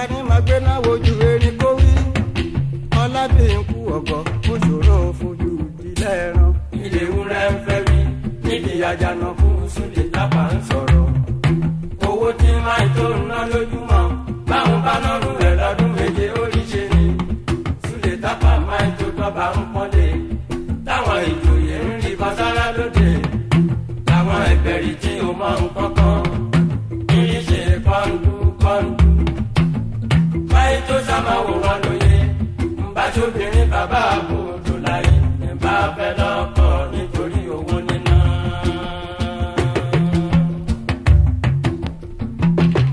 ta ni màá gbé náà wojú erin kó wí ọlábìyìn kú ọ̀gọ́ ó ṣòro fojú ìdílé ẹran. ilé wúrẹ́ ń fẹ́ mi nídìí ajá náà kú. tó sábà wò wọ́n lóye ń bá tóbìnrin bàbá àbòdò láyé ń bá fẹ́ lọ́kọ nítorí owó níná.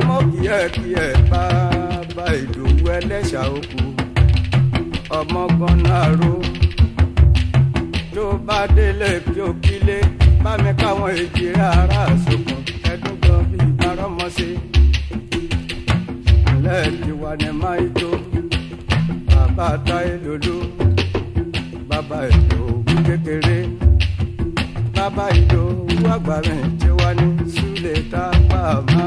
mo kíyèkíyè bàbá ìdòwú ẹlẹ́ṣà oko ọmọ gbọ́nà ró tó bá délé kí ó kílé bá mi káwọn èjì rárá sókun ẹdún gan bíi arọ́mọṣe ẹ̀ẹ́dì wà ní máìjó bàbá táyé lolú bàbá ìjó ògùn kékeré bàbá ìjó ògùn àgbà mi ti wá ní tá a pa àmọ́.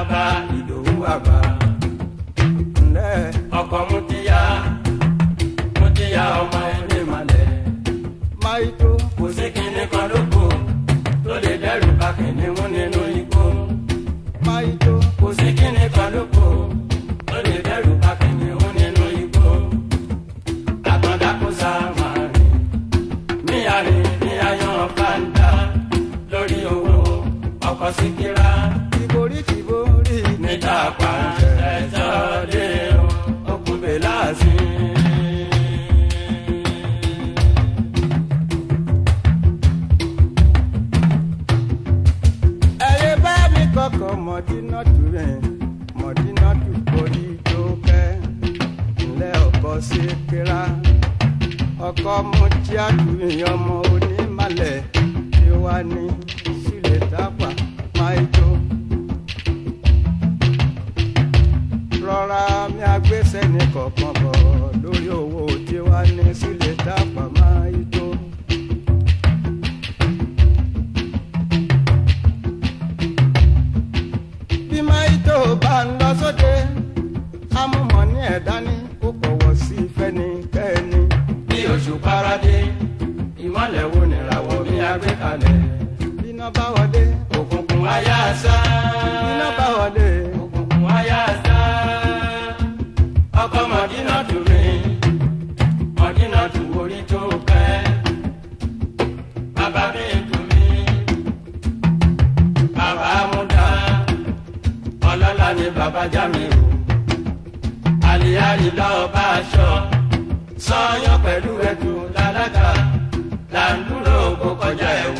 àbá ìdòwú àbá. ọkọ mú ti yá mú ti yá ọmọ ẹni malẹ̀. máìtó. kò sí kinní kan lóko tó lè dẹ́rù bà kìnní mú nínú igbó. máìtó. kò sí kinní kan lóko tó lè dẹ́rù bà kìnní mú nínú igbó. àtọ̀dá kò sá máa rìn míyàrin ní ayọ̀ fanta lórí owó ọkọ̀ sí kí. mọ̀dínàtù rẹ̀ mọ̀dínàtù borí tó kẹ́ ilé ọkọ̀ sí kíra ọkọ̀ mú tíátù rẹ̀ ọmọ onímọ̀lẹ̀ tí wà ní sílẹ̀ tápà máa jó. rọra mi àgbésẹ́ ní kọ̀ọ̀kan bọ̀ lórí owó tí wà ní sílẹ̀ tápà máa. yẹn dání ó bọ̀wọ̀ sí fẹ́ni kẹ́ni. bí oṣù paradé ìmọ̀lẹ̀ wo nìràwọ̀ bí agbé kalẹ̀. iná bá wọlé. òkùnkùn ayá sá. iná bá wọlé. òkùnkùn ayá sá. ọkọ mọ̀dínà dùn mọ̀dínà dùn orí tó pẹ́. bàbá mi dùn mí bàbá mú dá ọlọ́lá ni bàbá já mi wò láàrin lọ bá aṣọ sọyán pẹ̀lú ẹ̀dùn lálága là ń kọjá ẹ̀wọ̀n.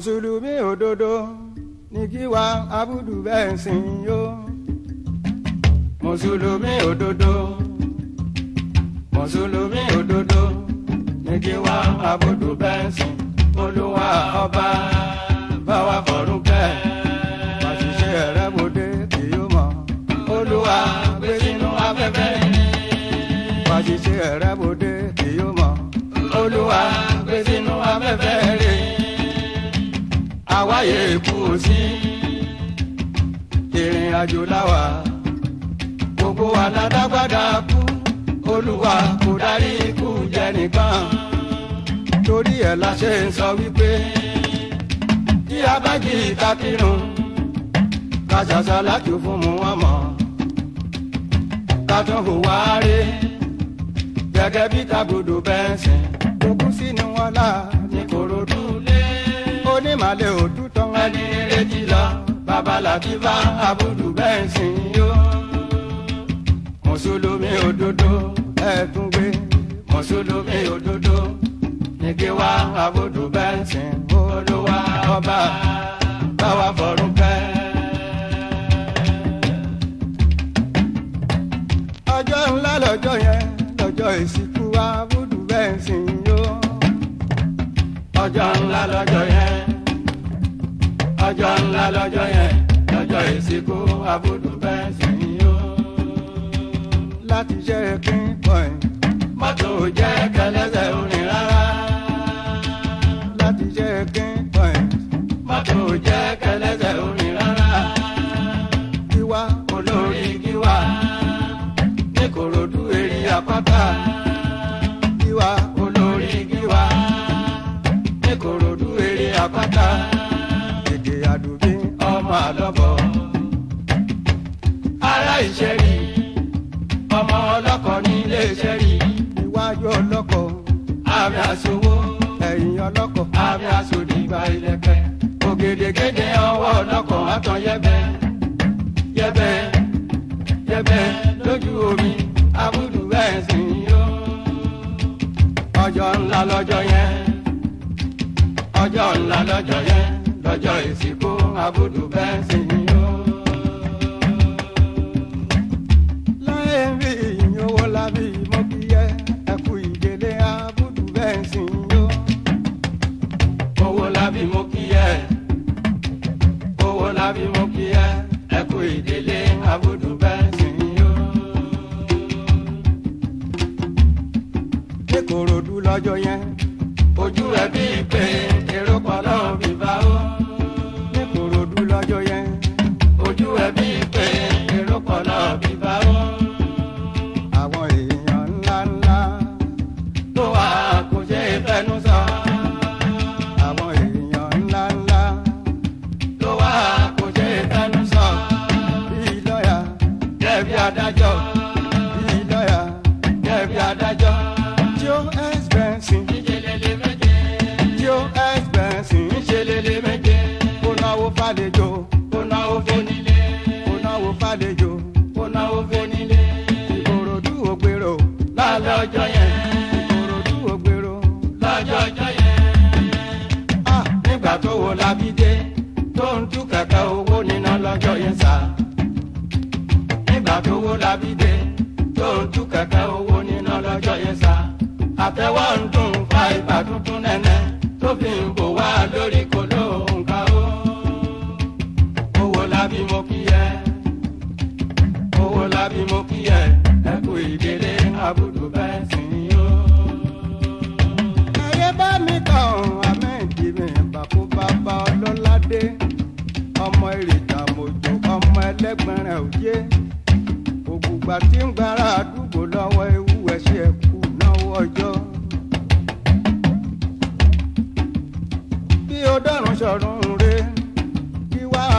mùsùlùmí òdodo ní kí wa abudu bẹ́ẹ̀ sìn yó. mùsùlùmí òdodo mùsùlùmí òdodo ní kí wa abudu bẹ́ẹ̀ sìn olúwa ọba báwa fọ̀rún kẹ́ àṣìṣe rẹ̀ bòde kì yóò mọ̀ olúwa gbé sínú afẹ́fẹ́ àṣìṣe rẹ̀ bòde kì yóò mọ̀ olúwa gbé sínú afẹ́fẹ́ rẹ̀ àwáyé kù sí ìrìn àjò láwa gbogbo aládágbádá kú olúwa kò dárí ikú jẹ nìkan torí ẹ̀ la ṣe ń sọ wípé tí a bá jí ìta kírun ká ṣàṣàláàtì fún mu wọn mọ ká tún hùwà rè gẹ́gẹ́ bí tàgbòdo bẹ́ẹ̀ sìn kókó sínú wọn láà balẹ̀ òdú tán. ẹni retí lọ babalàbí bá abudu bẹ́ẹ̀ sìn yó. mùsùlùmí òdodo ẹ̀ẹ́dùn gbé mùsùlùmí òdodo nìkí wá abudu bẹ́ẹ̀ sìn olúwa ọba báwa fọ̀rùn pẹ́. ọjọ́ ńlá lọ́jọ́ yẹn lọ́jọ́ ìsìnkú abudu bẹ́ẹ̀ sìn yó. ọjọ́ ńlá lọ́jọ́ yẹn ọjọ́ ńlá lọ́jọ́ yẹn lọ́jọ́ ìsìnkú abudu bẹ́ẹ̀ sì ni ó. láti ṣe kíngbọ̀n. mọ́tò jẹ́ kẹlẹ́sẹ̀ orin rárá. láti ṣe kíngbọ̀n. mọ́tò jẹ́ kẹlẹ́sẹ̀ orin rárá. kíwá olórí kíwá ní korodu èrè àpáta. iléeṣẹ́ rí iwájú ọlọ́kọ̀ àmì àsowó ẹ̀yìn ọlọ́kọ̀ àmì àsòdì ìgbà ilẹ̀kẹ̀ ògèdègèdè ọwọ́ ọlọ́kọ̀ àtàn yẹ́bẹ́ yẹ́bẹ́ yẹ́bẹ́ lójú omi amúdù ẹ̀sìn yó ọjọ́ ńlá lọ́jọ́ yẹn ọjọ́ ńlá lọ́jọ́ yẹn lọ́jọ́ ìsìnkú amúdù bẹ́ẹ̀ lọ́jọ́ yẹn ojú ẹ bí fàlejò. ó náwó fónílé. ó náwó fàlejò. ó náwó fónílé. ìkòròdú ògbèrò. lálẹ́ ọjọ́ yẹn. ìkòròdú ògbèrò. lọ́jọ́ ọjọ́ yẹn. a nígbà tó wo labídé tó ń tú kẹ̀kẹ́ owó níná lọ́jọ́ yẹn sá. nígbà tó wo labídé. mi kan ahmed mi bàkú bàbá ọlọ́ládé ọmọ ìrìjà mojò ọmọ ẹlẹ́gbẹ̀rẹ̀ òye ògùgbà tí ń gbára àdúgbò lọ́wọ́ ewu ẹ̀ṣẹ̀ kù náwó ọjọ́. bí ó dọ̀rùn ṣọ̀run.